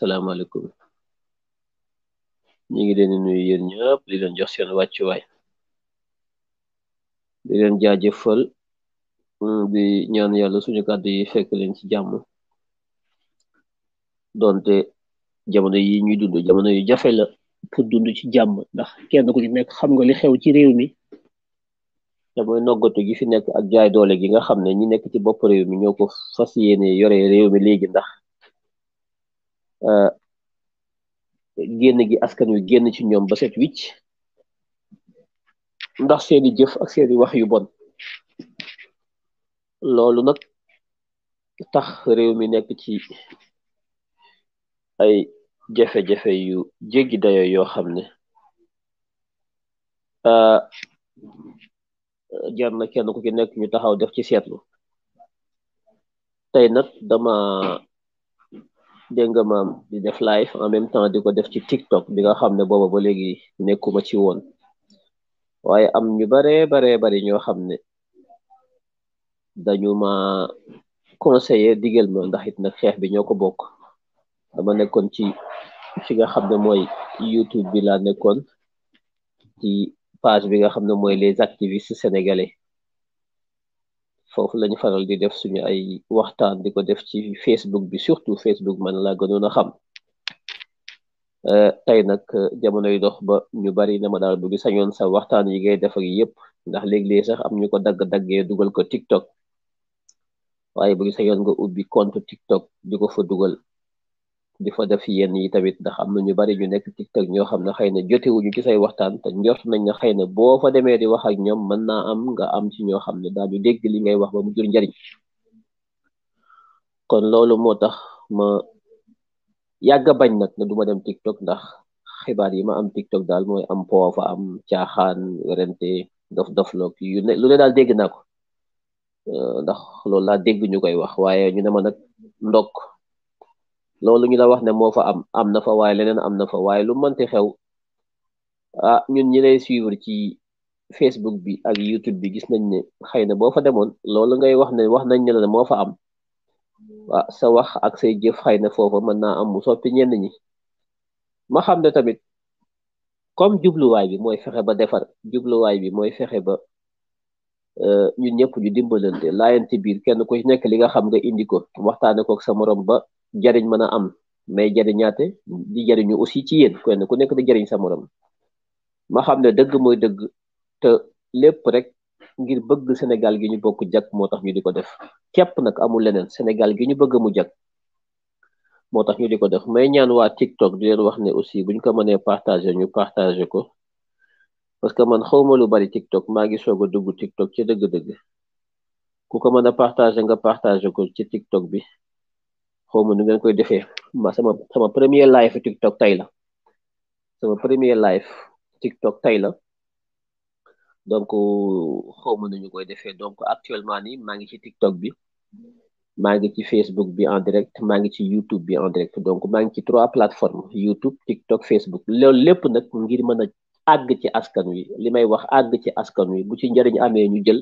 salaamaaleykum ñi ngi leen di nuyu yéen ñëpp di leen jox seen wàccuwaay di leen jaajëfal mm, di ñaan yàlla suñu kàddu yi fekk leen ci jàmm doonte jamono yi ñuy dund jamono yu jafe la pour dund ci jàmm ndax kenn ku ci nekk xam nga li xew ci réew mi te mooy noggatu gi fi nekk ak jaay doole gi nga xam ne ñi nekk ci bopp réew mi ñoo ko fas yéene yore réew mi léegi ndax Euh, génn gi askan wi génn ci ñoom ba set wicc ndax seeni jëf ak seeni wax yu bon loolu nag tax réew mi nekk ci ay jafe-jafe yu jéggi dayo yoo xam ne euh, jar na kenn ku ki nekk ñu taxaw def ci seetlu tey nag dama dégg nga maam def live en même temps di ko def ci TikTok bi nga xam ne booba ba léegi nekkuma ci woon waaye am ñu bare bare bari ñoo xam ne dañu ma conseiller digal ma ndax it nag xeex bi ñoo ko bokk dama nekkoon ci fi nga xam ne mooy YouTube bi laa nekkoon ci page bi nga xam ne mooy les activistes sénégalais foofu lañu faral di def suñu ay waxtaan di ko def ci Facebook bi surtout Facebook man laa gënoon a xam euh, tey nag euh, jamonoy dox ba ñu bari na ma daal bu gi sañoon sa waxtaan yi ngay def ak yëpp ndax léeg-léeg sax am ñu ko dagg-daggee dugal ko TikTok waaye bu gi sañoon nga ubbi compte TikTok di ko fa dugal di fa def yenn yi tamit ndax am na ñu bari ñu nekk tiktok ñoo xam ne xëy na ñu ci say waxtaan te njor nañ ne xëy na boo fa demee di wax ak ñoom mën naa am nga am ci ñoo xam ne daañu dégg li ngay wax ba mu njariñ kon loolu moo tax ma yàgg bañ nag ne du dem tiktok ndax xibaar yi ma am tiktok daal mooy am poo am caaxaan werante dof dof loog lu ne daal dégg naa ko ndax loolu laa dégg ñu koy wax waaye ñu ne ma nag ndokk loolu ñu la wax ne moo fa am am na fa waaye leneen am na fa waaye lu mënti xew a ah, ñun ñi lay suivre ci Facebook bi ak YouTube bi gis nañ ne xëy na boo fa demoon loolu ngay wax ne wax nañ ne la moo fa am ah sa wax ak say jëf xëy na foofa mën naa am mu soppi ñenn ñi ma xam ne tamit comme jubluwaay bi mooy fexe ba defar jubluwaay bi mooy fexe ba euh, ñun ñëpp ñu dimbalante laayante biir kenn ku ci nekk li nga xam nga indi ko waxtaane kook sa morom ba. jariñ mën a am mais jariñaate di jariñu aussi ci yéen kenn ku nekk di jariñ sa ma xam ne dëgg mooy dëgg te lépp rek ngir bëgg Sénégal gi ñu bokk jag moo tax ñu di ko def képp nag amul leneen Sénégal gi ñu bëgg mu jag moo tax ñu di ko def may ñaan waa TikTok di leen wax ne aussi buñ ko mënee partager ñu partager ko parce que man ma lu bari TikTok maa ngi soog a dugg TikTok ci dëgg-dëgg ku ko mën a partager nga partager ko ci TikTok bi xaw ma nu ngeen koy defee ma sama sama premier live TikTok tey la sama premier live TikTok tey la donc xaw ma nu ñu koy defee donc actuellement nii maa ngi ci TikTok bi maa ngi ci Facebook bi en direct maa ngi ci YouTube bi en direct donc maa ngi ci trois plateformes YouTube TikTok Facebook loolu lépp nag ngir mën a àgg ci askan wi li may wax àgg ci askan wi bu ci njariñ amee ñu jël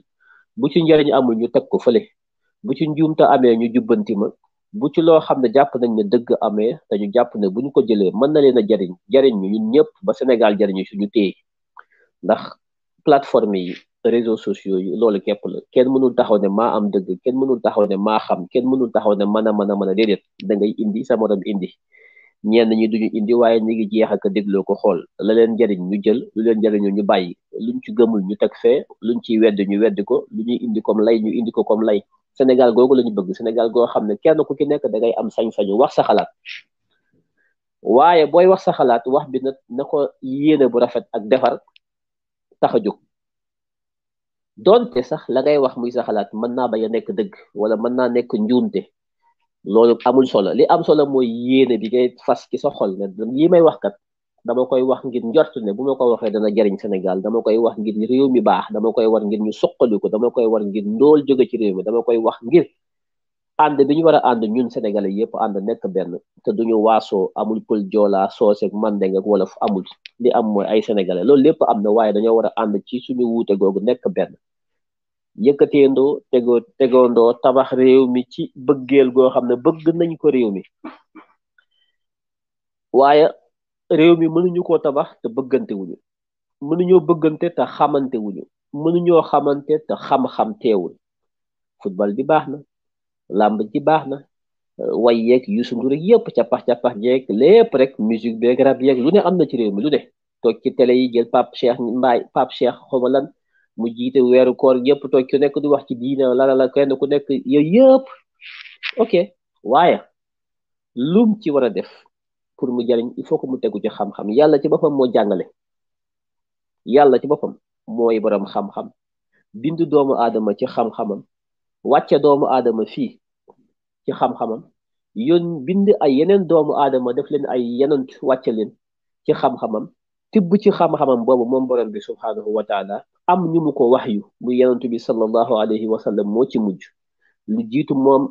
bu ci njëriñ amul ñu teg ko fële bu ci njuumte amee ñu jubbanti ma. bu ci loo xam ne jàpp nañ ne dëgg amee dañu jàpp ne bu ñu ko jëlee mën na leen a jariñ jariñ ñu ñun ñëpp ba Sénégal jariñu suñu téye ndax plateforme yi réseaux sociaux yi loolu képp la kenn mënul taxaw ne maa am dëgg kenn mënul taxaw ne maa xam kenn mënul taxaw ne mën a mën a mën a déedéet da ngay indi sa morom indi ñenn ñi duñu indi waaye ñi ngi jeex ak dégloo ko xool la leen jariñ ñu jël lu leen jariñu ñu bàyyi lu ñu ci gëmul ñu teg fee luñ ciy wedd ñu wedd ko lu ñuy indi comme lay ñu indi ko comme lay Sénégal googu lañu bëgg Sénégal goo xam ne kenn ku ci nekk da am sañ-sañu wax sa xalaat waaye booy wax sa xalaat wax bi nag na ko yéene bu rafet ak defar tax a jóg doonte sax la ngay wax muy sa xalaat mën naa bañ a nekk dëgg wala mën naa nekk njuumte loolu amul solo li am solo mooy yéene bi ngay fas ki sa xol ne li may wax kat dama koy wax ngir njort ne bu ma ko waxee dana jariñ Sénégal dama koy wax ngir réew mi baax dama koy war ngir ñu suqaliku dama koy war ngir ndóol jóge ci réew mi dama koy wax ngir ànd bi ñu war ànd ñun Sénégalais yëpp ànd nekk benn te duñu waasoo amul pël joolaa sooseeg mandeng ak wolof amul li am ay Sénégalais loolu lépp am na waaye dañoo war a ànd ci suñu wuute googu nekk benn yëkkateendoo tegoo tegoondoo tabax réew mi ci bëggeel goo xam ne bëgg nañ ko réew mi waaye réew mi mënuñu koo tabax te bëggante mënuñoo bëggante te xamante wuñu mënuñoo xamante te xam-xam teewul football bi baax na làmb ji baax na euh, way yeeg Youssou Ndour rek yëpp cappax-cappax jeeg lépp rek musique beeg rab yeeg lu ne am na ci réew mi lu ne toog ci télé yi jël Pape Cheikh Mbaye Pape Cheikh xawma lan mu jiite weeru koor yëpp toog ku nekk di wax ci diine la la kenn ku nekk yooyu yëpp ok waaye lum ci war a def pour mu jariñ il faut ko mu teggu ci xam-xam yàlla ci bopam mo jàngale yàlla ci bopam moy borom xam-xam bindu doomu adama ci xam-xamam wàcce doomu adama fi ci xam-xamam yon bind ay yenen doomu adama def len ay yenen wàcce len ci xam-xamam tibbu ci xam-xamam bobu mom borom bi subhanahu wa taala am ñu mu ko wahyu yu yenen yenentu bi sallallahu alayhi wa sallam mo ci mujju lu jiitu moom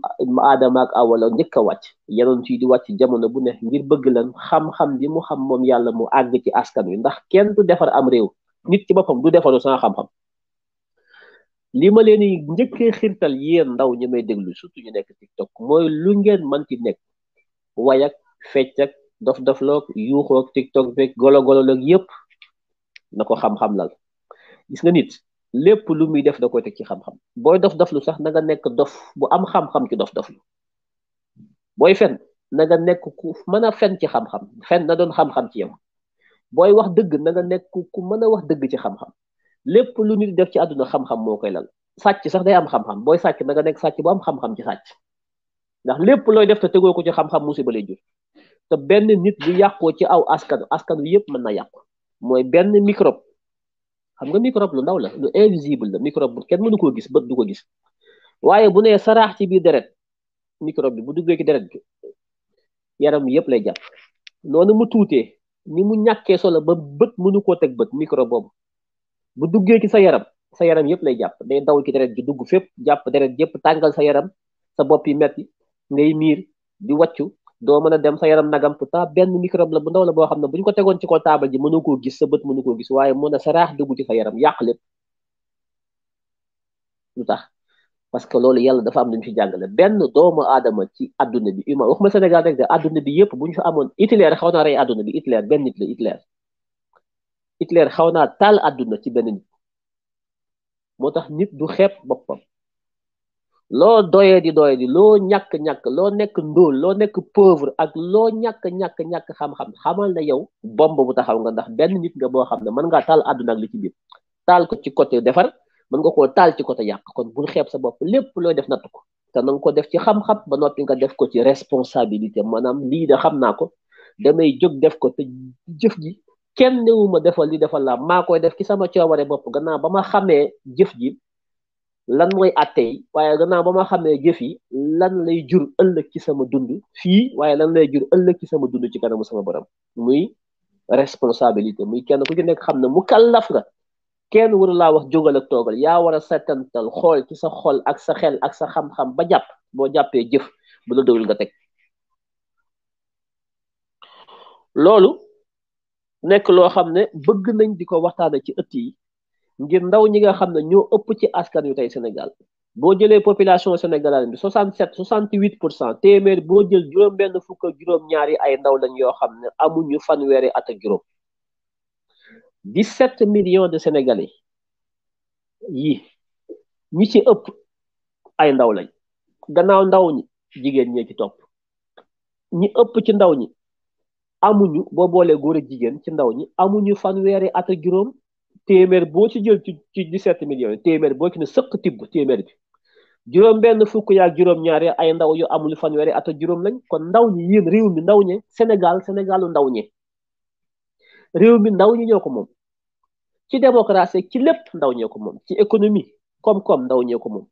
aadama ak awala njëkk a wàcc yonent yi di wàcc jamono bu ne ngir bëgg lan xam-xam bi mu xam moom yàlla mu àgg ci askan wi ndax kenn du defar am réew nit ci boppam du defaru sans xam-xam li ma leen njëkkee xirtal yéen ndaw ñi may déglu surtout ñu nekk TikTok mooy lu ngeen mën ci nekk wayak fecc ak dof dofloog yuuxoog TikTok beeg golo golo loog yëpp na ko xam-xam lal gis nga nit lépp lu muy def da koy teg ci xam-xam booy dof doflu sax na nekk dof bu am xam-xam ci dof doflu booy fen na nekk ku mën a fen ci xam fen na doon xam ci yow booy wax dëgg na nga nekk ku mën a wax dëgg ci xam-xam lépp lu nit def ci àdduna xam-xam moo koy lal sàcc sax day am xam-xam booy sàcc na nga nekk sàcc boo am xam-xam ci sàcc ndax lépp looy def te tegoo ko ci xam-xam musiba lay jur te benn nit bu yàqoo ci aw askan askan wi yëpp mën na yàqu mooy benn microbe xam nga microbe lu ndaw la lu invisible la microbe bu kenn mënu koo gis bët du ko gis waaye bu nee saraax ci biir deret microbe bi bu duggee ki deret bi yëpp lay jàpp noonu mu tuutee ni mu ñàkkee solo ba bët mënu koo teg bët microbe boobu bu duggee ci sa yaram sa yaram yëpp lay jàpp day ndaw ci deret ji dugg fépp jàpp deret yëpp tàngal sa yaram sa bopp yi metti ngay miir di wàccu doo mën a dem sa yaram nagam pourtant benn microbe la bu ndaw la boo xam ne bu ñu ko tegoon ci ko taabal ji mënu koo gis sa bët mënu koo gis waaye mën a saraax dugg ci sa yaram yàq lépp lu tax parce que loolu yàlla dafa am lu ñu fi jàngale benn doomu aadama ci adduna bi humain waxuma Sénégal rek de adduna bi yëpp bu ñu fi amoon Hitler xaw naa rey adduna bi Hitler benn nit la Hitler Hitler xaw naa taal adduna ci benn nit moo tax nit du xepp boppam loo doyee di doyee di loo ñàkk-ñàkk loo nekk ndóol loo nekk pauvre ak loo ñàkk-ñàkk-ñàkk xam-xam xamal na yow bomb bu taxaw nga ndax benn nit nga boo xam ne mën nga taal àdduna ak li ci biir taal ko ci côté defar mën nga koo taal ci côté yàq kon bul xeeb sa bopp lépp looy def natt ko te na nga def ci xam ba noppi nga def ko ci responsabilité maanaam lii da xam naa ko damay jóg def ko te jëf ji kenn newuma defal li defal la maa koy def ci sama coobare bopp gannaaw ba ma xamee jëf ji lan moy atay waye waaye bama xamé jëf yi lan lay jur ëlëk ci sama dund fi waye lan lay jur ëlëk ci sama dund ci kanam sama borom muy responsabilité muy kenn ku ci nekk xamna mukallaf nga kenn waru la wax jógal ak togal ya wara a setantal xool ci sa xol ak sa xel ak sa xam-xam ba jàpp bo jappé jëf bu la dëwul nga tek lolu nekk lo xamne ne bëgg nañ diko ko ci ëtt yi ngir ndaw ñi nga xam ne ñoo ëpp ci askan yu tey Sénégal boo jëlee population sénégalaise bi 67 68 pour cent téeméer boo jël juróom-benn fukk ak juróom-ñaari ay ndaw lañ yoo xam ne amuñu fanweeri at ak juróom 17 millions de sénégalais yi ñi ci ëpp ay ndaw lañ gannaaw ndaw ñi jigéen ñee ci topp ëpp ci ndaw ñi amuñu boo boolee góor jigéen ci ndaw ñi amuñu fanweeri at ak juróom. téeméer boo ci jël ci ci 17 millions yi téeméer boo ci ne sëq tibb téeméer bi juróom benn fukk yaak juróom-ñaar ya ay ndaw yu amul fanweeri at ak juróom lañ kon ndaw ñi yéen réew mi ndaw ñe Sénégal Sénégalu ndaw ñe réew mi ndaw ñi ñoo ko moom ci démocratie ci lépp ndaw ñee ko moom ci économie koom-koom ndaw ñee ko moom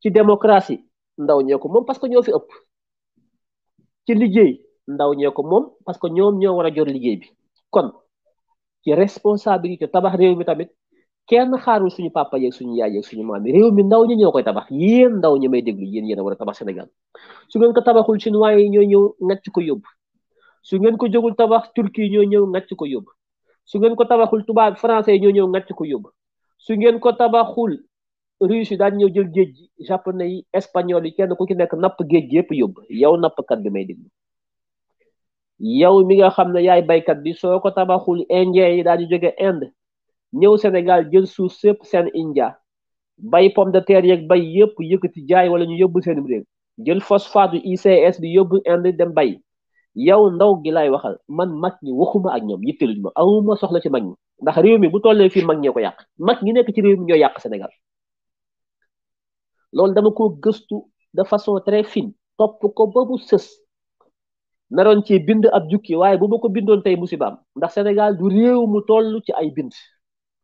ci démocratie ndaw ñee ko moom parce que ñoo fi ëpp ci liggéey ndaw ñee ko moom parce que ñoom ñoo war a jor liggéey bi kon ci responsabilité tabax réew mi tamit kenn xaarul suñu papa yeeg suñu yaay yeeg suñu maam yi réew mi ndaw ñi ñoo koy tabax yéen ndaw ñi may déglu yéen yéen a war a tabax Sénégal su ngeen ko tabaxul chinois yi ñoo ñëw ngàcc ko yóbbu su ngeen ko jógul tabax turki yi ñoo ñëw ngàcc ko yóbbu su ngeen ko tabaxul tubaab français yi ñoo ñëw ngàcc ko yóbbu su ngeen ko tabaxul russe daal daan jël géej gi japonais yi espagnol yi kenn ku ci nekk napp géej gi yëpp yóbbu yow nappkat bi may déglu yow mi nga xam ne yaay baykat bi soo ko tabaxul indien yi daal di jóge Inde ñëw Sénégal jël suuf sëpp seen india bay pomme de terre yeeg bay yëpp yëkkati jaay wala ñu yóbbu seen réew jël phosphate du ICS bi yóbbu Inde dem bay yow ndaw gi laay waxal man mag ñi waxuma ak ñoom yitteluñu ma awuma soxla ci mag ñi ndax réew mi bu tollee fii mag ñee ko yàq mag ñi nekk ci réew mi ñoo yàq Sénégal loolu dama ko gëstu de façon très fine topp ko ba bu sës naroon ci bind ab jukki waaye bu ma ko bindoon tey musibaam ndax Sénégal du réew mu toll ci ay bind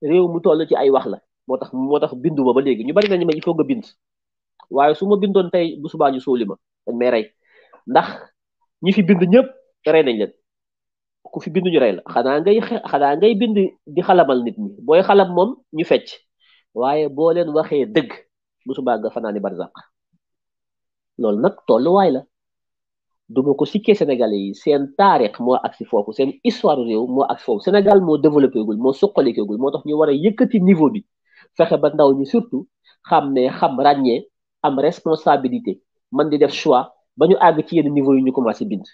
réew mu toll ci ay wax la moo tax moo tax bindu ma ba léegi ñu bari nañu ma il faut nga bind waaye su ma bindoon tey bu subaa ñu suuli ma dañ rey ndax ñi fi bind ñëpp rey nañ leen ku fi bind rey la xanaa ngay xanaa ngay bind di xalamal nit ñi booy xalam moom ñu fecc waaye boo leen waxee dëgg bu subaa nga fanaani barzaq loolu nag tolluwaay la. duma ko sikkee sénégalais yi seen taarix moo agsi foofu seen histoire réew moo ak foofu sénégal moo développé gul moo suqalikee gul moo tax ñu war a yëkkati niveau bi fexe ba ndaw ñi surtout xam ne xam ràññee am responsabilité man di def choix ba ñu àgg ci yenn niveau yi ñu commencé bind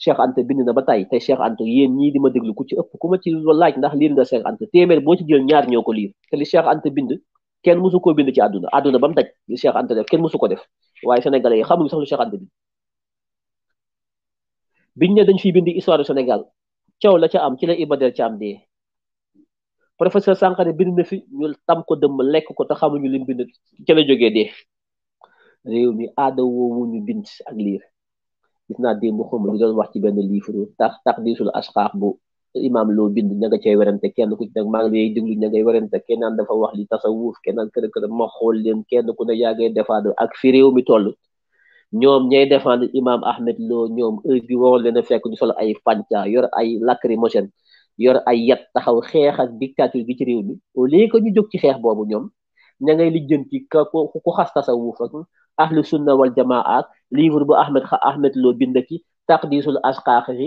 Cheikh Anta bind na ba tey tey Cheikh Anta yéen ñii di ma déglu ku ci ëpp ku ma ci laaj ndax liir nga Cheikh Anta téeméer boo ci jël ñaar ñoo ko liir te li Cheikh Anta kenn mësu koo bind ci àdduna àdduna ba mu daj li Cheikh Anta def kenn mësu ko def waaye sénégalais yi xamuñu sax lu Cheikh Anta bind biñ ne dañ fiy bind histoire du Sénégal caw la ca am ci la Ibader ca am dee professeur Sankharé bind na fi ñu tam ko dëmm lekk ko te xamuñu lim bind ca la jógee dee réew mi aada woowu ñu bind ak liir gis naa démb xaw ma ñu wax ci benn livre tax tax diisul asxaaf bu imaam loo bind ña nga werante kenn ku ci nag maa ngi lay déglu ña ngay werante dafa wax li tasawuf kenn naan kër kër ma xool leen kenn ku ne yaa ngay defaat ak fi réew mi toll. ñoom ñay défendre imam Ahmed Lo ñoom heure bi waroon leena fekk ñu solo ay fanta yor ay lacrymogène yor ay yat taxaw xeex ak dictature bi ci réew mi au lieu que ñu jóg ci xeex boobu ñoom ña ngay lijjanti ka ko ku xas tasawuf ak ahlu sunna wal jamaa ak livre bu Ahmed kha Ahmed Lo bind ki taqdisul asqaaxi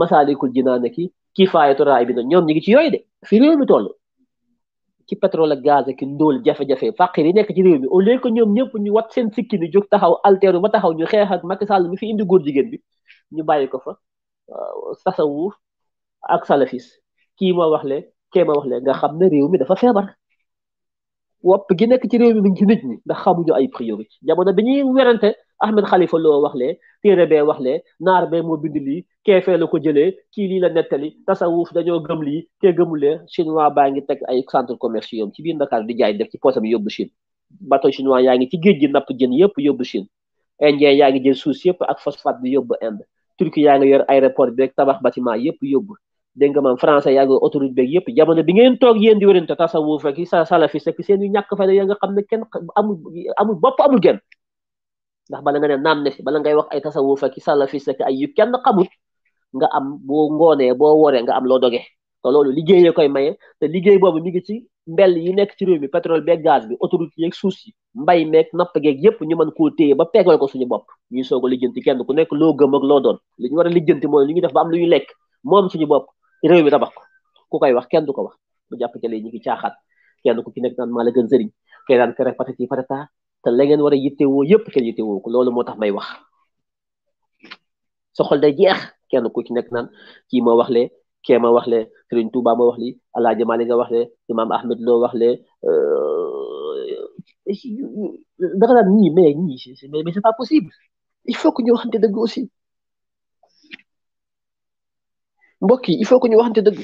masalikul jinaana ki kifaayatu raay bi ñoom ñu ngi ci yoy de fi réew mi tollu ci pétrole ak gaz ak ndol jafe jafe-jafe fàqir yi nek ci réew mi au lieu que ñom ñëpp ñu wat seen sikki ni jox taxaw altéru ba taxaw ñu xéx ak Macky Sall mi fi indi góor jigen bi ñu bàyyi ko fa sasawu ak salafis ki mo wax le ké moo wax le nga xamné réew mi dafa fébar wop gi nek ci réew mi mi ngi nit ñi da xamu ñu ay priorité jamono bi ñi werante Ahmed Khalifa Lo wax le tire be wax le nar be mo bind li kefe fee la ko jele ki li la netali tasawuf dañu gëm li lii gëmul le chinois baa ngi teg ay centre commercial ci bi ndakar di jaay def ci posam yóbbu Chine bato chinois yaa ngi ci geejgi nap jeen yep yëpp yóbbu Chine indien yaa ngi jël suuf yëpp ak phosphate bi yóbbu Inde turki yaa ngi yor aéroport bi ak tabax bâtiment yep yóbbu dégg nga français yaa ngi autoroute bi yep jamono bi ngeen tok yéen di wérante tasawuf ak sa salafis ak seen yu fa fayda ya nga xamne kenn amul amul bop amul genn ndax bala nga ne naam ne bala ngay wax ay tasawuf ak salafis ak ay yu kenn xamut nga am boo ngoonee boo wooree nga am loo doge te loolu liggéeyee koy maye te liggéey boobu mi ngi ci mbell yi nekk ci réew mi pétrole beeg gaz bi autoroute yeeg suuf si mbay meeg napp geeg yépp ñu mën koo téye ba pegal ko suñu bopp ñuy soog a lijjanti kenn ku nekk loo gëm ak loo doon li ñu war a mooy li ñu def ba am lu lekk moom suñu bopp réew mi tabax ko ku koy wax kenn du ko wax mu jàpp ci ñu ngi caaxaan kenn ku ci nekk naan maa la gën sëriñ kay daan kere ta la ngeen war a yittewoo yëpp kenn yittewoo ko loolu moo tax may wax sa xol day jeex kenn ku ci nekk naan kii ma wax le kee ma wax le Sëriñ Tuuba ma wax li Alaaji Maalik nga wax le Imaam Ahmed loo wax le euh, da nga naan ñii mais ñii mais c'est pas possible il faut que ñu waxante dëgg aussi mbokk yi il faut que ñu waxante dëgg.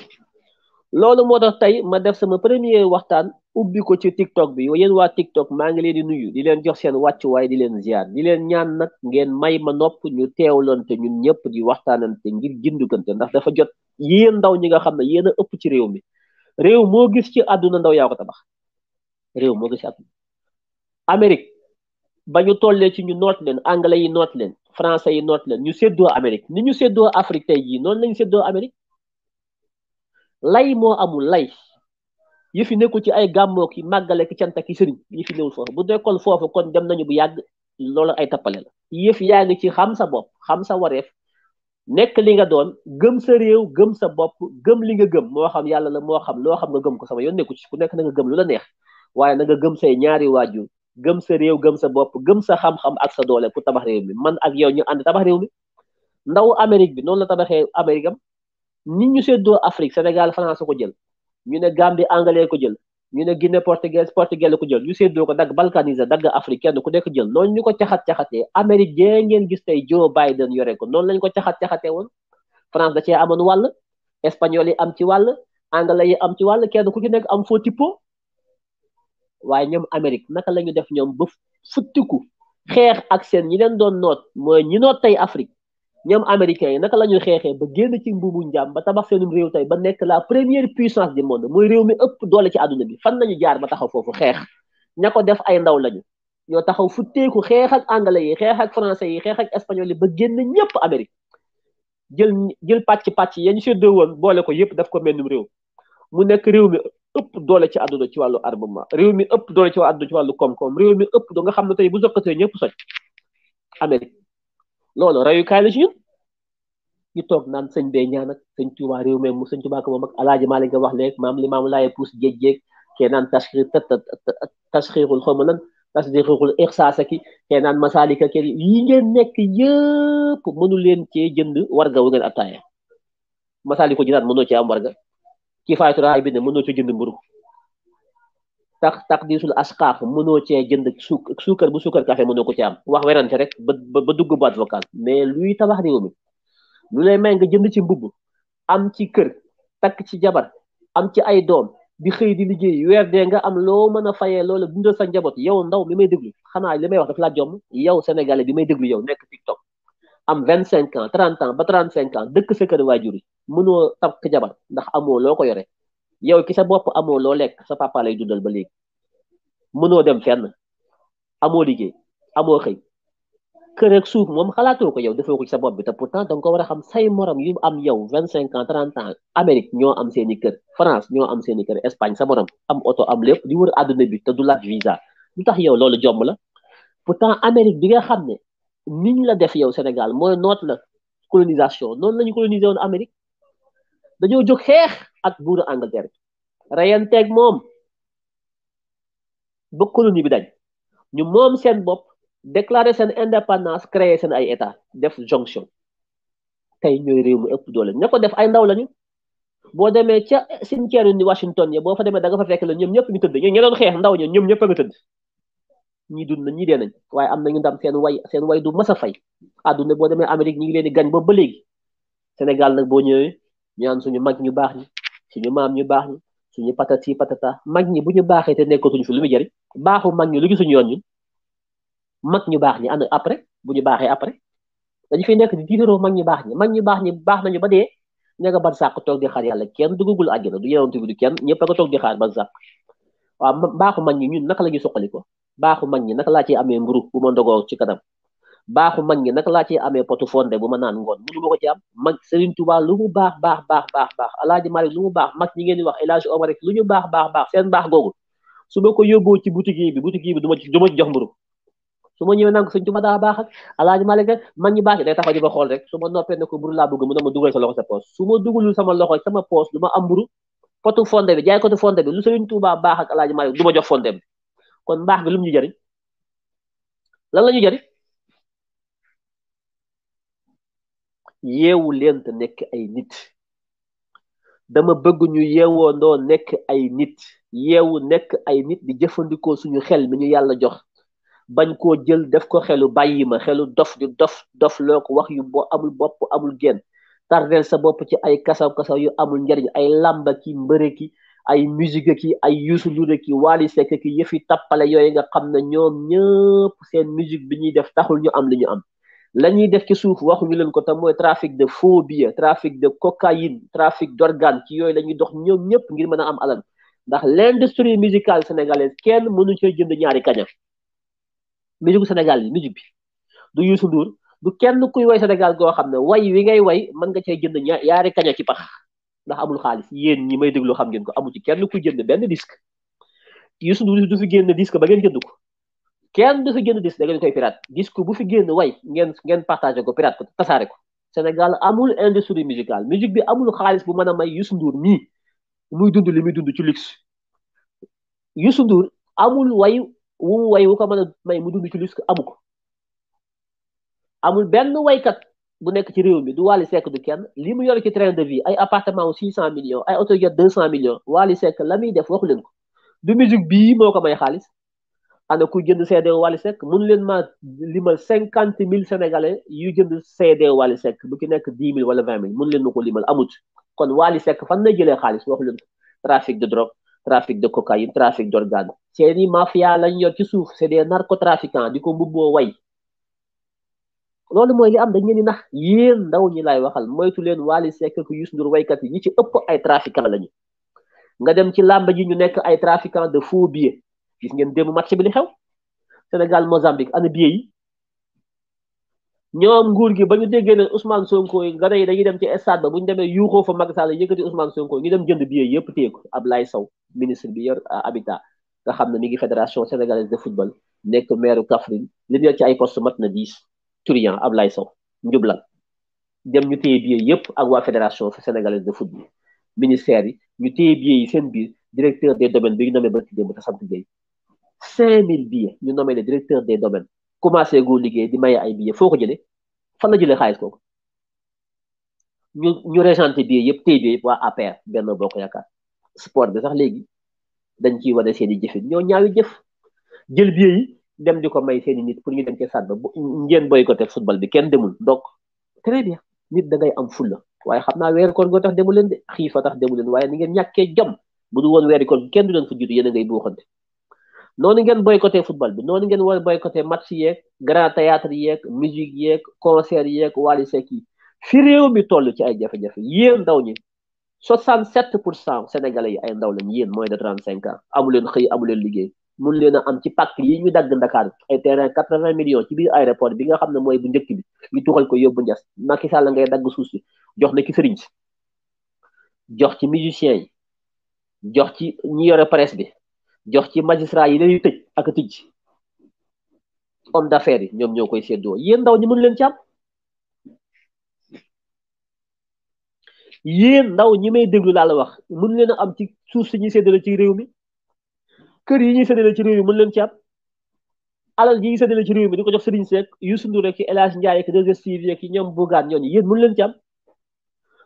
loolu moo tax tey ma def sama premier waxtaan ubbi ko ci TikTok bi yéen waa TikTok maa ngi leen di nuyu di leen jox seen wàccuwaay di leen ziar di leen ñaan nag ngeen may ma nopp ñu teew teewlante ñun ñëpp di waxtaanante ngir gindugante ndax dafa jot yéen ndaw ñi nga xam ne yéen ëpp ci réew mi réew moo gis ci àdduna ndaw yaa ko tabax réew moo gis ci àdduna Amérique ba ñu tollee ci ñu noot leen anglais yi noot leen français yi noot leen ñu séddoo Amérique ni ñu séddoo Afrique tey jii noonu lañu séddoo Amérique lay moo amul lay yi fi nekku ci ay gàmmoo ki màggale ki cant ki sëriñ yi fi newul foofu bu nekkoon foofu kon dem nañu bu yàgg loolu ay tappale la yëf yaa ngi ci xam sa bopp xam sa wareef nekk li nga doon gëm sa réew gëm sa bopp gëm li nga gëm moo xam yàlla la moo xam loo xam nga gëm ko sama yoon nekku ci ku nekk na nga gëm lu la neex waaye nanga gëm say ñaari waaju gëm sa réew gëm sa bopp gëm sa xam-xam ak sa doole pour tabax réew mi man ak yow ñu ànd tabax réew mi ndawu Amérique bi noonu la tabaxee Amérique am nit ñu seddoo Afrique Sénégal France ko jël ñu ne Gambie anglais ko jël ñu ne Guinée portugais portugais ko jël ñu seddoo ko dagg balkanisé dagg Afrique kenn ku nekk jël noonu ñu ko caxat caxatee Amérique jee ngeen gis tey Joe Biden yore ko noonu lañu ko caxat caxatee woon France da cee amoon wàll espagnol yi am ci wàll anglais yi am ci wàll kenn ku ci nekk am foo tippo waaye ñoom Amérique naka la def ñoom ba futtiku xeex ak seen ñi leen doon noot mooy ñi noot tey Afrique. ñoom américain yi naka la ñuy xeexee ba génn ci mbuumu njaam ba tabax seenum réew tey ba nekk la première puissance du monde mooy réew mi ëpp doole ci àdduna bi fan lañu jaar ba taxaw foofu xeex ña ko def ay ndaw lañu ñoo taxaw futteeku xeex ak anglais yi xeex ak français yi xeex ak espagnol yi ba génn ñëpp Amérique jël jël pàcc pàcc yañ séddoo woon boole ko yëpp daf ko mennum réew mu nekk réew mi ëpp doole ci àdduna ci wàllu armement réew mi ëpp doole ci wàllu àdduna ci wàllu koom-koom réew mi ëpp doo nga xam na tey bu sokkatee ñëpp soj Amérique loolu rayukaay la ci ñun ñu toog naan sëñ be ñaan ak sëñ Tuubaa réew mi mu sëñ Tuubaa ko moom ak alaaji Maalik nga wax léegi maam li maam laaye puus jéeg-jéeg kee naan tashxir tashxirul xaw ma lan tasdixul ixsaas ki kee naan masaalika kër yi ngeen nekk yëpp mënu leen cee jënd warga wu ngeen attaaya masaaliku ji naan mënoo cee am warga kii faaytura ay bi ne mënoo ci jënd mburu tax taqdisul asqaaf mënoo cee jënd suuk suukar bu suukar café mënoo ko ci am wax werante rek ba ba dugg boîte vocale mais luy tabax ni mi lu lay may nga jënd ci mbubb am ci kër takk ci jabar am ci ay doom di xëy di liggéey weer dee nga am loo mën a fayee loola dundal sa njaboot yow ndaw mi may déglu xanaa li may wax daf laa jomm yow sénégalais bi may déglu yow nekk tiktok am vingt cinq ans trente ans ba trente cinq ans dëkk sa kër waajur yi mënoo takk jabar ndax amoo loo ko yore yow ki sa bopp amoo loo lekk sa papa lay dundal ba léegi mënoo dem fenn amoo liggéey amoo xëy kër ak suuf moom xalaatoo ko yow defoo ko ci sa bopp bi te pourtant da nga ko war a xam say morom yu am yow 25 ans 30 ans Amérique ñoo am seeni kër France ñoo am seeni kër Espagne sa morom am oto am lépp di wër àdduna bi te du laaj visa lu tax yow loolu jomb la pourtant Amérique bi nga xam ne niñ la def yow Sénégal mooy noot la colonisation noonu lañu coloniser woon Amérique dañoo jóg xeex ak buuru Angleterre bi reyanteeg moom ba colonie bi dañ ñu moom seen bopp déclaré seen indépendance créer seen ay état def jonction tey ñooy réew mu ëpp doole ña ko def ay ndaw lañu boo demee ca cimetière ni Washington ya boo fa demee da nga fa fekk la ñoom ñëpp ñu tëdd ñoom ña doon xeex ndaw ña ñoom ñëpp a nga tëdd ñii dund na ñii dee nañ waaye am nañu ndam seen way seen way du mas a fay àdduna boo demee Amérique ñi ngi leen di gañ ba ba léegi Sénégal nag boo ñëwee ñaan suñu mag ñu baax ñi suñu maam ñu baax ñi suñu patati patata mag ñi bu ñu baaxee te nekkatuñ fi lu muy jëriñ baaxu mag ñi lu gisuñu yoon ñun mag ñu baax ñi ànd après bu ñu baaxee après dañu fiy nekk di diitaroo mag ñu baax ñi mag ñu baax ñi baax nañu ba dee ña nga sàq toog di xaar yàlla kenn duggagul àjjana du yonent bi du kenn ñëpp a toog di xaar ban sàq waaw baaxu mag ñi ñun naka la ñuy soqali baaxu mag ñi naka laa ciy amee mburu bu ma ndogoo ci kanam baaxu mag ñi naka laa ci amee potu fonde bu ma naan ngoon mënu ma ko ci am mag Serigne Touba lu mu baax baax baax baax baax Alaaji Malik lu mu baax mag ñi ngeen di wax El Hadj Omar rek ñu baax baax baax seen baax googu su ko yóbboo ci boutique bi boutique bi du ma ma ci jox mburu su ma ñëwee naan ko Serigne Touba daa baax ak Alaaji Malik rek mag ñi baax day taxaw di ma xool rek su ma noppee ne ko mburu laa bëgg mu ne ma dugal sa loxo sa poos su ma dugalul sama loxo sama poos du ma am mburu fonde bi jaay kotu fonde bi lu Serigne Touba baax ak Alaaji Malik du ma jox fonde bi kon mbaax gi lu mu ñu jëriñ lan la ñu jëriñ yeewu leen te nekk ay nit dama bëggu ñu yeewoondoo nekk ay nit yeewu nekk ay nit di jëfandikoo suñu xel mi ñu yàlla jox bañ koo jël def ko xelu bàyyi ma xelu dof di dof dof loo ko wax yu boo amul bopp amul génn tardeel sa bopp ci ay kasaw kasaw yu amul njariñ ay làmba ki mbëre ki ay musique ki ay Youssou Ndour ki Wally Seck ki yëfi tappale yooyu nga xam na ñoom ñëpp seen musique bi ñuy def taxul ñu am li ñu am la ñuy def ci suuf waxuñu leen ko tam mooy trafic de faux billets trafic de cocaïne trafic d'organes ci yooyu la ñuy dox ñoom ñëpp ngir mën a am alal ndax l'industrie musicale sénégalaise kenn mënu cee jënd ñaari kaña musique Sénégal yi musique bi du Youssou Ndour du kenn kuy way Sénégal goo xam ne way wi ngay way mën nga cee jënd ñaari kaña ci pax ndax amul xaalis yéen ñi may déglu xam ngeen ko amu ci kenn kuy jënd benn disque Youssou Ndour du fi génn disque ba ngeen jënd ko kenn dafa génn dis da ngeen koy pirate disque bu fi génn way ngeen ngeen partagé ko pirate ko tasaare ko Sénégal amul industrie musicale musique bi amul xaalis bu mën a may Youssou Ndour mii muy dund li muy dund ci luxe Youssou Ndour amul way wu mu way wu ko mën a may mu dund ci luxe amu ko amul benn waykat bu nekk ci réew mi du Wally Seck du kenn li mu yor ci train de vie ay appartement wu six cent millions ay oto yor deux cent millions Wally Seck la muy def waxu leen ko du musique bii moo ko may xaalis ana ku jënd CD Wally Seck mënu leen ma limal cinquante mille sénégalais yu jënd CD Wally Seck bu ki nekk dix mille wala vingt mille mënu leen ma ko limal amut kon Wally sekk fan na jëlee xaalis wax leen trafic de drogue trafic de cocaïne trafic d' organe seeni mafia lañ yor ci suuf c' est des narcotrafiquants di ko mbubboo way loolu mooy li am dañ leen na nax yéen ndaw ñi lay waxal moytu leen Wally Seck ku Youssou Ndour waykat yi ñi ci ëpp ay trafiquants lañu nga dem ci làmb ji ñu nekk ay trafiquants de faux billets gis ngeen démb match bi li xew Sénégal Mozambique ana biye yi ñoom nguur gi ba ñu déggee ne Ousmane Sonko yi gane yi dem ci stade ba bu ñu demee yuuxoo fa Macky Sall yëkkati Ousmane Sonko ñu dem jënd billet yëpp téye ko lay saw ministre bi yor euh, habitat nga xam ne mi ngi fédération sénégalaise de football nekk maire Kaffrine li ci ay post mat na dix turian Ablaye Sow njublan dem ñu téye billet yëpp ak waa fédération sénégalaise de football ministère yi ñu téye billet seen biir directeur des domaines bi ñu nommé barki démb ta sant cinq mille billets ñu nommé le directeur des domaines commencé goo liggéey di may ay billets foo ko jëlee fan la jëlee xaalis kooku ñu ñu régenté billets yëpp tey billets yëpp waa APR benn bokk yaakaar sport bi sax léegi dañ ciy wane seen i jëfin ñoo ñaawi jëf jël bi yi dem di ko may seen nit pour ñu dem ca sàdd ba ngeen boycotté football bi kenn demul donc très bien nit da ngay am fulla waaye xam naa weeru koor goo tax demu leen de xiifa tax demu leen waaye ni ngeen ñàkkee jom bu du woon weeru koor kenn du leen fa jiitu yéen a ngay buuxante noonu ngeen boycotté football bi noonu ngeen war a boycotté match yeeg grand théâtre yeek musique yeeg concert yeeg Wally Seck yi fi réew mi toll ci ay jafe-jafe yéen ndaw ñi 67 pour cent sénégalais yi ay ndaw lañ yéen moins de 35 ans amu leen xëy amu leen liggéey mun leen a am ci pàkk yi ñu dagg Ndakaar ay terrain 80 millions ci biir aéroport bi nga xam ne mooy bu njëkk bi ñu tuxal ko yóbbu njas Macky Sall ngay dagg suuf si jox na ki sëriñ ci musiciens yi jox ci ñi yore presse bi. jox ci magistrat yi yu tëj ak tëj homme d'affaires yi ñoom ñoo koy séddoo yéen ndaw ñi mënu leen ci am ndaw ñi may déglu laal la wax mënu leen am ci suuf si ñuy séddale ci réew mi kër yi ñuy séddale ci réew mi mënu leen ci am alal yi ñuy séddale ci réew mi di ko jox Serigne Seck Youssou Ndour rek El Hadj Ndiaye ak 2STV ñom ñoom Bougane ñooñu yéen mënu leen ci am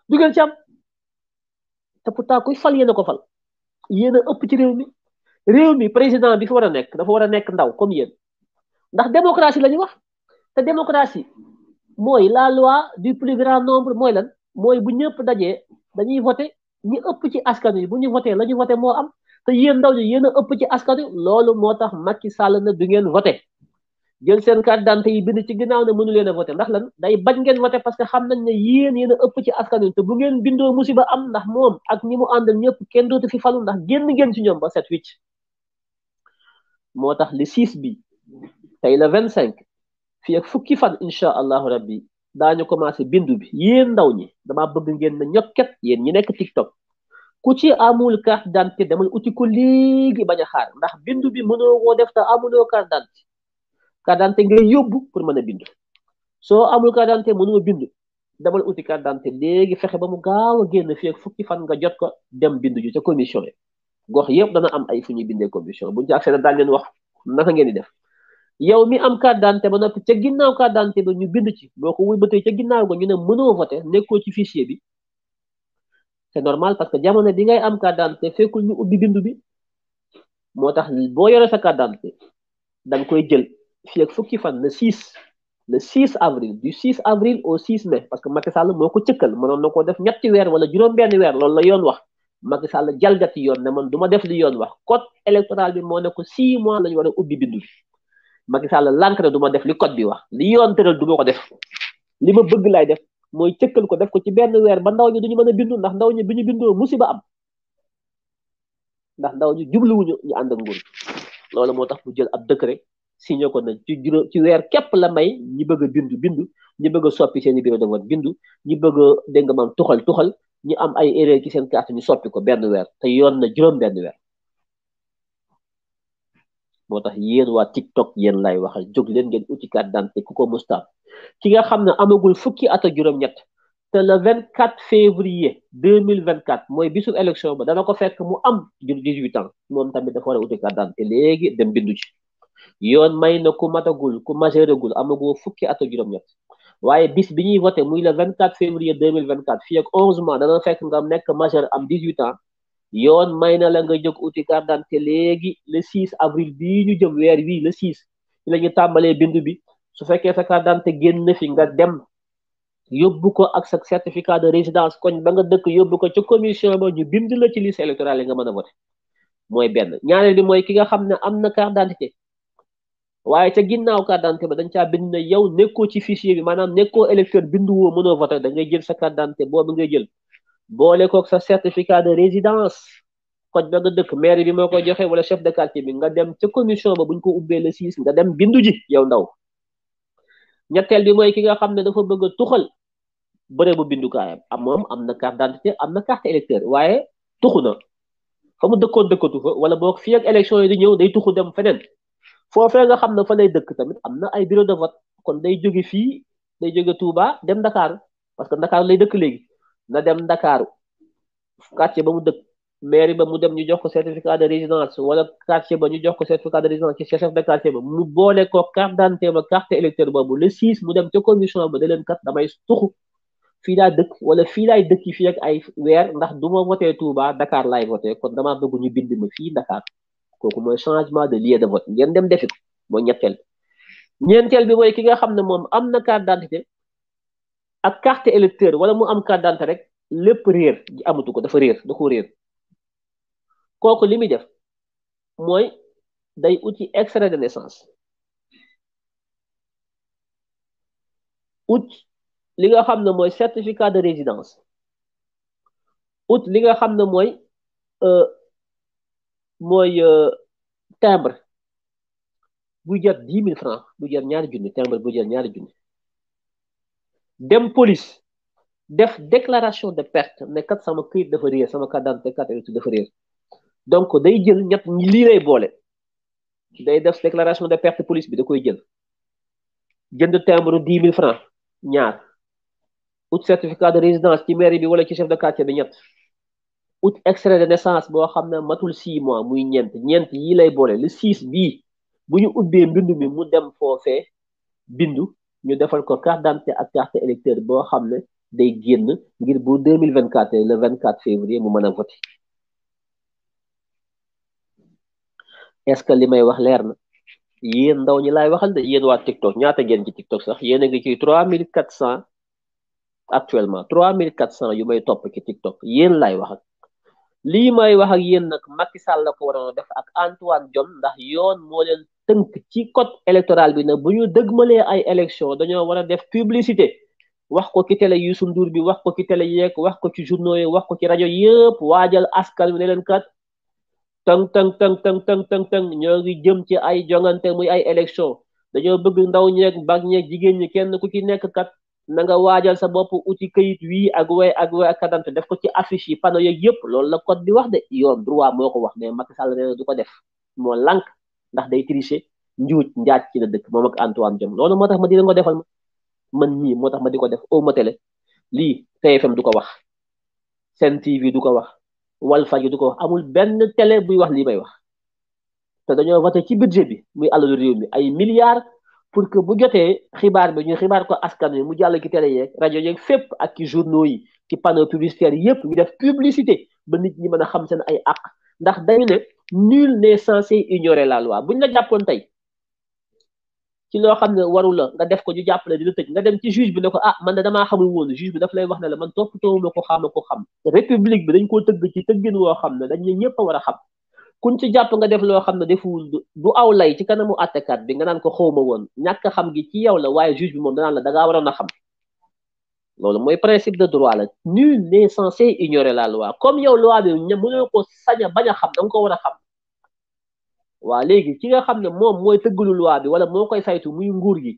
du ngeen ci te pourtant kuy fal yéen ko fal yéen ëpp ci réew mi. réew mi président bi fi war a nekk dafa war a nekk ndaw comme yéen ndax démocratie la ñu wax te démocratie mooy la loi du plus grand nombre mooy lan mooy bu ñëpp dajee dañuy voté ñi ëpp ci askan wi bu ñu voté la ñu voté moo am te yéen ndaw ñi yéen a ëpp ci askan wi loolu moo tax Macky Sall na du ngeen voté jël seen carte d'identité yi bind ci ginnaaw ne mënu leen a voté ndax lan day bañ ngeen voté parce que xam nañ ne yéen yéen a ëpp ci askan wi te bu ngeen bindoo musiba am ndax moom ak ñi mu àndal ñëpp kenn dootu fi falu ndax génn ngeen ci ñoom ba set wicc motax li 6 bi tay le 25 fi ak fukki fan insha allah rabbi dañu commencé bindu bi yéen ndaw ñi dama bëgg ngeen na ñokket yeen ñi nekk tiktok ku ci amul carte d'identité demal uti ko ligi baña xaar ndax bindu bi mëno wo def te amuloo carte d'identité carte d'identité ngay yobbu pour mëna bindu so amul carte d'identité mëno bindu demal uti carte d'identité legi fexé ba mu gaaw a fi ak fukki fan nga jot ko dem bindu ju ci commission gox yëpp dana am ay fu ñuy bindee commission bu ci accès na daal leen wax naka ngeen di def yow mi am carte d'identité ba noppi ca ginnaaw carte d'identité ba ñu bind ci boo ko wëlbatee ca ginnaaw ga ñu ne mënoo voter nekkoo ci fichier bi c'est normal parce que jamono bi ngay am carte d'identité fekkul ñu ubbi bindu bi moo tax boo yore sa carte d'identité da koy jël fii ak fukki fan le 6 le 6 avril du 6 avril au 6 mai parce que Macky Sall moo ko cëkkal mënoon na koo def ñetti weer wala juróom-benn weer loolu la yoon wax Macky Sall jalgati yoon ne man duma def li yoon wax code électoral bi moo ne ko six mois lañu war a ubbi bindu Macky Sall lànk ne duma def li code bi wax li yoon tëral duma ko def li ma bëgg lay def mooy cëkkal ko def ko ci benn weer ba ndaw ñi duñu mën a bindu ndax ndaw ñi bi ñu bindoo musiba am ndax ndaw ñi jubluwuñu ñu ànd ak nguur loolu moo tax mu jël ab décret signé ko nañ ci juróom ci weer képp la may ñi bëgg a bindu bindu ñi bëgg a soppi seen bindu ñi bëgg a dégg maam tuxal ñu am ay erreur ci seen carte ñu soppi ko benn weer te yoon na juróom benn weer moo tax yéen waa TikTok yéen lay waxal jóg leen ngeen uti carte d'identité ku ko mustaam ki nga xam ne amagul fukki at ak juróom-ñett te le 24 février 2024 mooy bisu élection ba dana ko fekk mu am jur 18 ans moom tamit dafa war a uti carte d'identité léegi dem bindu ji yoon may na ku matagul ku majeuragul amagoo fukki at ak juróom waaye bis bi ñuy voté muy le 24 février 2024 fii ak 11 mois dana fekk nga nekk majeur am 18 ans yoon may na la nga jóg uti carte d'identité léegi le 6 avril bii ñu jëm weer wii le 6 ci la ñu tàmbalee bindu bi su fekkee sa carte d'identité génn na fi nga dem yobbu ko ak sa certificat de résidence koñ ba nga dëkk yóbbu ko ca commission ba ñu bind la ci liste électorale yi nga mën a voté mooy benn ñaareel bi mooy ki nga xam ne am na carte d'identité waaye ca ginnaaw carte d'identité ba dañ caa bind na yow nekkoo ci fichier bi maanaam nekkoo électeur bindu woo mënoo voté da ngay jël sa carte d'identité boobu ngay jël boole koog sa certificat de résidence koj ba nga dëkk maire bi moo ko joxe wala chef de quartier bi nga dem ca commission ba buñ ko ubbee le six nga dem bindu ji yow ndaw ñetteel bi mooy ki nga xam ne dafa bëgg a tuxal bëre bu bindukaayam am moom am na carte am na carte électeur waaye tuxu na fa mu dëkkoon dëkkatu fa wala boog fii ak yi di ñëw day tuxu dem feneen foofee nga xam na fa lay dëkk tamit am na ay bureau de vote kon day jóge fii day jóge Touba dem Dakar parce que Dakar lay dëkk léegi na dem Dakar quartier ba mu dëkk ba mu dem ñu jox ko certificat de résidence wala quartier ba ñu jox ko certificat de résidence ci chef de quartier ba mu boobu le 6 mu dem ca commission ba da leen kat damay tuxu fii laa dëkk wala fii laay dëkk fii ak ay weer ndax du ma voté Touba Dakar laay voté kon damaa bëgg ñu bind ma fii Dakar. kooku mooy changement de lieu de vote ngeen dem defi ko mooy ñetteel bi ñeenteel bi mooy ki nga xam ne moom am na carte d'identité ak carte électeur wala mu am carte d'identité rek lépp réer amatu ko dafa réer da ko réer kooku li muy def mooy day uti extrait de naissance ut li nga xam ne mooy certificat de résidence ut li nga xam ne mooy euh, mooy euh, timbre bu jar dix mille francs bu jar ñaari junni timbre bu jar ñaari junni dem police def déclaration de perte ne kat sama këyit dafa sama carte d'identité carte d'identité dafa réer donc day jël ñett lii lay boole day def déclaration de perte police bi da koy jël jënd timbre dix mille francs ñaar ut certificat de résidence ci mairie bi wala ci chef de quartier bi ñett ut extrait de naissance boo xam ne matul 6 mois muy ñent ñent yi lay boole le 6 bii bu ñu ubbee mbindu mi mu dem foofee bindu ñu defal ko carte d'identité ak carte électeur boo xam ne day génn ngir bu 2024 le 24 février mu mën a est-ce que li may wax leer na yéen ndaw ñi laay waxal de yéen waa TikTok ñaata ngeen ci TikTok sax yéen a ngi ci 3400 actuellement 3400 yu may topp ci TikTok yéen laay waxal. lii may wax ak yéen nag Macky Sall la ko waroon def ak Antoine Diome ndax yoon moo leen tënk ci code électoral bi nag bu ñu dëgmalee ay élection dañoo war a def publicité wax ko ci télé Youssou Ndour bi wax ko ki tele yeeg wax ko ci journaux yi wax ko ci rajo yëpp waajal askan wi ne leen kat tëng tëng tëng tëng tëng tëng tëng ñoo ngi jëm ci ay jongante muy ay élection dañoo bëgg ndaw ñeeg bag ñeeg jigéen ñi kenn ku ci nekk kat na nga waajal sa bopp uti kayit wii ak way ak way ak def ko ci afficier yi panneau yëpp loolu la code bi wax de yoon droit moo ko wax mais Macky Sall nee du ko def moo lànk ndax day tricher njuuj njaaj ki la dëkk moom ak Antoine Diome loolu moo tax ma di ko defal ma man ñii moo tax ma di ko def au ma télé lii TFM du ko wax Sen TV du ko wax Walfadjri du ko wax amul benn télé buy wax lii may wax te dañoo voté ci budget bi muy alalu réew mi ay milliards. pour que bu jotee xibaar bi ñu xibaar ko askan wi mu jàll ci télé yeeg rajo yee fépp ak ci journaux yi ci panneau publicitaire yëpp ñu def publicité ba nit ñi mën a xam seen ay àq ndax dañu ne nul n'est censé ignorer la loi buñ la jàppoon tey ci loo xam ne waru la nga def ko ñu jàpp jàppale dina tëj nga dem ci juge bi ne ko ah man de damaa xamul woon juge bi daf lay wax ne la man toppatoo ma ko xam ko xam république bi dañ koo tëgg ci tëggin woo xam ne dañ ne ñëpp a war a xam kuñ ci jàpp nga def loo xam ne defuwul du aw lay ci kanamu àttekat bi nga naan ko xaw ma woon ñàkk xam gi ci yow la waaye juge bi moom danaan la dangaa waroon a xam loolu mooy principe de droit la nul n'est censé ignorer la loi comme yow loi bi mënoo ko saña baña xam da ko war a xam waa léegi ki nga xam ne moom mooy tëggalu loi bi wala moo koy saytu muy nguur gi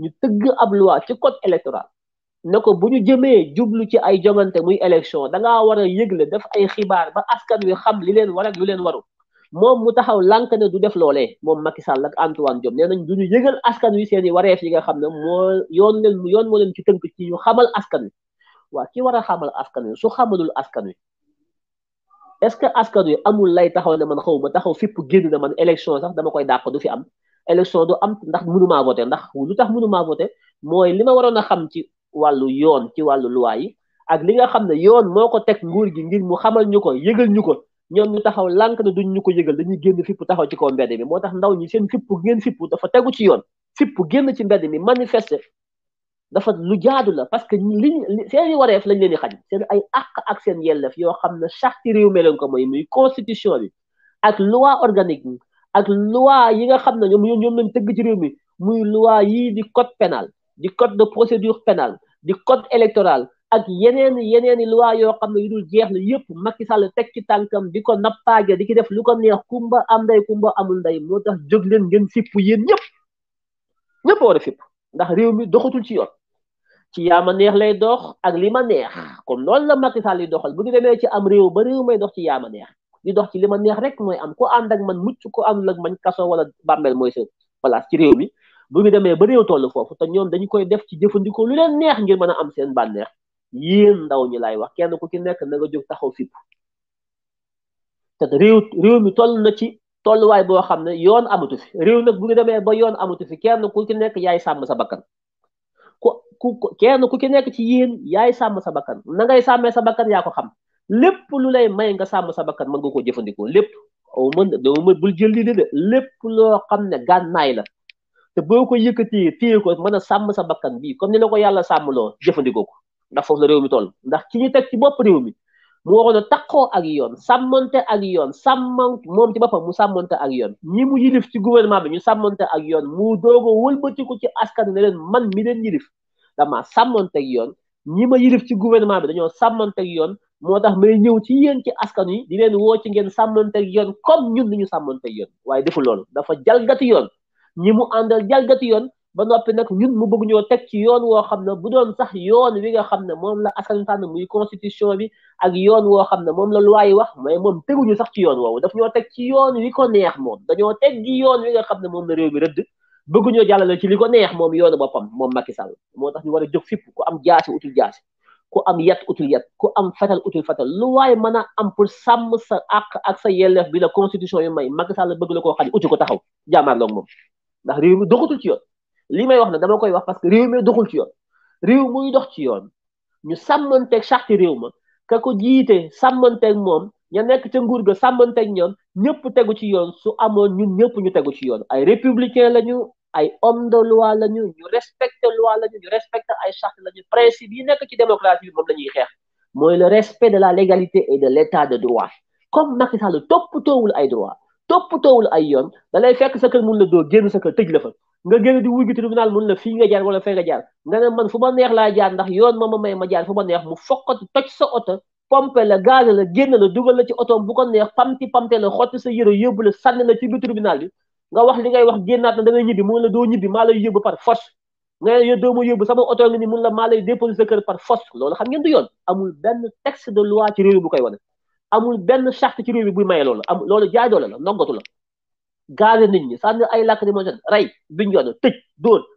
ñu tëgg ab loi ci code électoral ne ko bu ñu jëmee jublu ci ay jongante muy élection dangaa war a yëgle def ay xibaar ba askan wi xam li leen war lu leen warul moom mu taxaw lànk ne du def loole moom Macky Sall ak Antoine Diome nee nañ du ñu yëgal askan wi seen i wareef yi nga xam ne moo yoon leen yoon moo leen ci tënk ci ñu xamal askan waa ki war a xamal askan wi su xamalul askan wi est-ce que askan wi amul lay taxaw ne man xaw ma taxaw fipp génn na man élection sax dama koy dàq du fi am élection du am ndax mënumaa voté ndax lu tax mënumaa voté mooy li ma waroon a xam ci wàllu yoon ci wàllu loi yi ak li nga xam ne yoon moo ko teg nguur gi ngir mu xamal ñu ko yëgal ñu ko ñoom ñu taxaw lànk na duñ ñu ko yëgal dañuy génn fipp taxaw ci kaw mbedd mi moo tax ndaw ñi seen fipp ngeen fipp dafa tegu ci yoon fipp génn ci mbedd mi manifester dafa lu jaadu la parce que liñ seeni wareef lañ leen di xañ seen ay àq ak seen yelleef yoo xam ne charte réew mi leen ko mooy muy constitution bi ak loi organique bi ak loi yi nga xam ne ñoom ñoom lañ tëgg ci réew mi muy loi yii di code pénal di code de procédure penal di code électoral ak yeneen yeneen i loi yoo xam ne yu dul jeex la yëpp Macky Sall teg ci tànkam di ko nappaaje di ci def lu ko neex kumba am ndey kumba amul ndey moo tax jóg leen ngeen fipp yéen ñëpp ñëpp war ndax réew mi doxatul ci yoon yaa ma neex lay dox ak li ma neex comme noonu la Macky Sall yi doxal bu ñu demee ci am réew ba réew dox ci yaa ma neex di dox ci li ma neex rek mooy am ko ànd ak man mucc ko àndul ak man kaso wala bàmmeel mooy sa place ci réew mi bu ñu demee ba réew toll foofu te ñoom dañu koy def ci jëfandikoo lu leen neex ngir mën a am seen bànneex yéen ndaw ñi laay wax kenn ku ci nekk na nga jóg taxaw fipp te réew mi toll na ci tolluwaay boo xam ne yoon amatu fi réew nag bu ñu demee ba yoon amatu fi kenn ku ci nekk yaay sàmm sa bakkan ku ku kenn ku ci nekk ci yéen yaay sàmm sa bakkan na ngay sàmmee sa bakkan yaa ko xam lépp lu lay may nga sàmm sa bakkan mën nga ko jëfandikoo lépp aw mën dama bul jël lii de lépp loo xam ne gànnaay la te boo ko yëkkatee téye ko mën a sàmm sa bakkan bii comme ni la ko yàlla sàmmloo jëfandikoo ko ndax foofu la réew mi toll ndax ci ñu teg ci bopp réew mi mu waroon a takkoo ak yoon sàmmante ak yoon sàmmant moom ci boppam mu sàmmante ak yoon ñi mu yilif ci gouvernement bi ñu sàmmante ak yoon mu doog a wëlbatiku ci askan ne leen man mi leen yilif dama sàmmante ak yoon ñi ma yilif ci gouvernement bi dañoo sàmmante ak yoon moo tax may ñëw ci yéen ci askan yi di leen woo ci ngeen sàmmante ak yoon comme ñun ni ñu sàmmante ak yoon waaye deful loolu dafa jalgati yoon ñi mu àndal jalgati yoon ba noppi nag ñun mu bëgg ñoo teg ci yoon woo xam ne bu doon sax yoon wi nga xam ne moom la askan tànn muy constitution bi ak yoon woo xam ne moom la loi yi wax mais moom teguñu sax ci yoon woowu daf ñoo teg ci yoon wi ko neex moom dañoo teg gi yoon wi nga xam ne moom la réew mi rëdd bëgguñoo jàllale ci li ko neex moom yoonu boppam moom Macky Sall moo tax ñu war a jóg fipp ku am jaasi utul jaasi ku am yet utul yat ku am fetal utul fetal lu waaye mën a am pour sàmm sa àq ak sa yelleef bi la constitution yu may Macky Sall bëgg la koo xaj uti ko taxaw jàmmaarloog moom ndax réew mi doxatul ci yoon li may wax nag dama koy wax parce que réew mi doxul ci yoon réew muy dox ci yoon ñu sàmmanteeg charte réew ma ka ko jiite sàmmanteeg moom ña nekk ca nguur ga sàmmanteeg ñoom ñëpp tegu ci yoon su amoon ñu ñëpp ñu tegu ci yoon ay républicain lañu ay homme de loi lañu ñu respecte loi lañu ñu respecte ay charte lañu principe yi nekk ci démocratie bi moom la ñuy xeex mooy le respect de la légalité et de l'état de droit comme Macky Sall toppatoowul ay droit toppatoowul ay yoon da lay fekk sa kër mun la doo génn sa kër tëj la fa nga génn di wuy gi tribunal mun la fii nga jaar wala fee nga jaar nga ne man fu ma neex laa jaar ndax yoon ma may ma jaar fu ma neex mu fokkati toj sa oto pompe la gaz na génn la dugal la ci otoom bu ko neex pamti pamte la xotti sa yëre yëbb la sànni la ci biir tribunal bi nga wax li ngay wax génnaat na da ngay ñibbi mun la doo ñibbi maa lay yóbbu par force nga doo ma yóbbu sama oto ngi ni maa lay déposé sa kër par force loolu xam ngeen du yoon amul benn texte de loi ci réew koy wane amul benn charte ci réew mi buy maye loolu am loolu jaay doole la noggatu la nit ñi sànni ay lacrymogène rey biñ yoon tëj dóor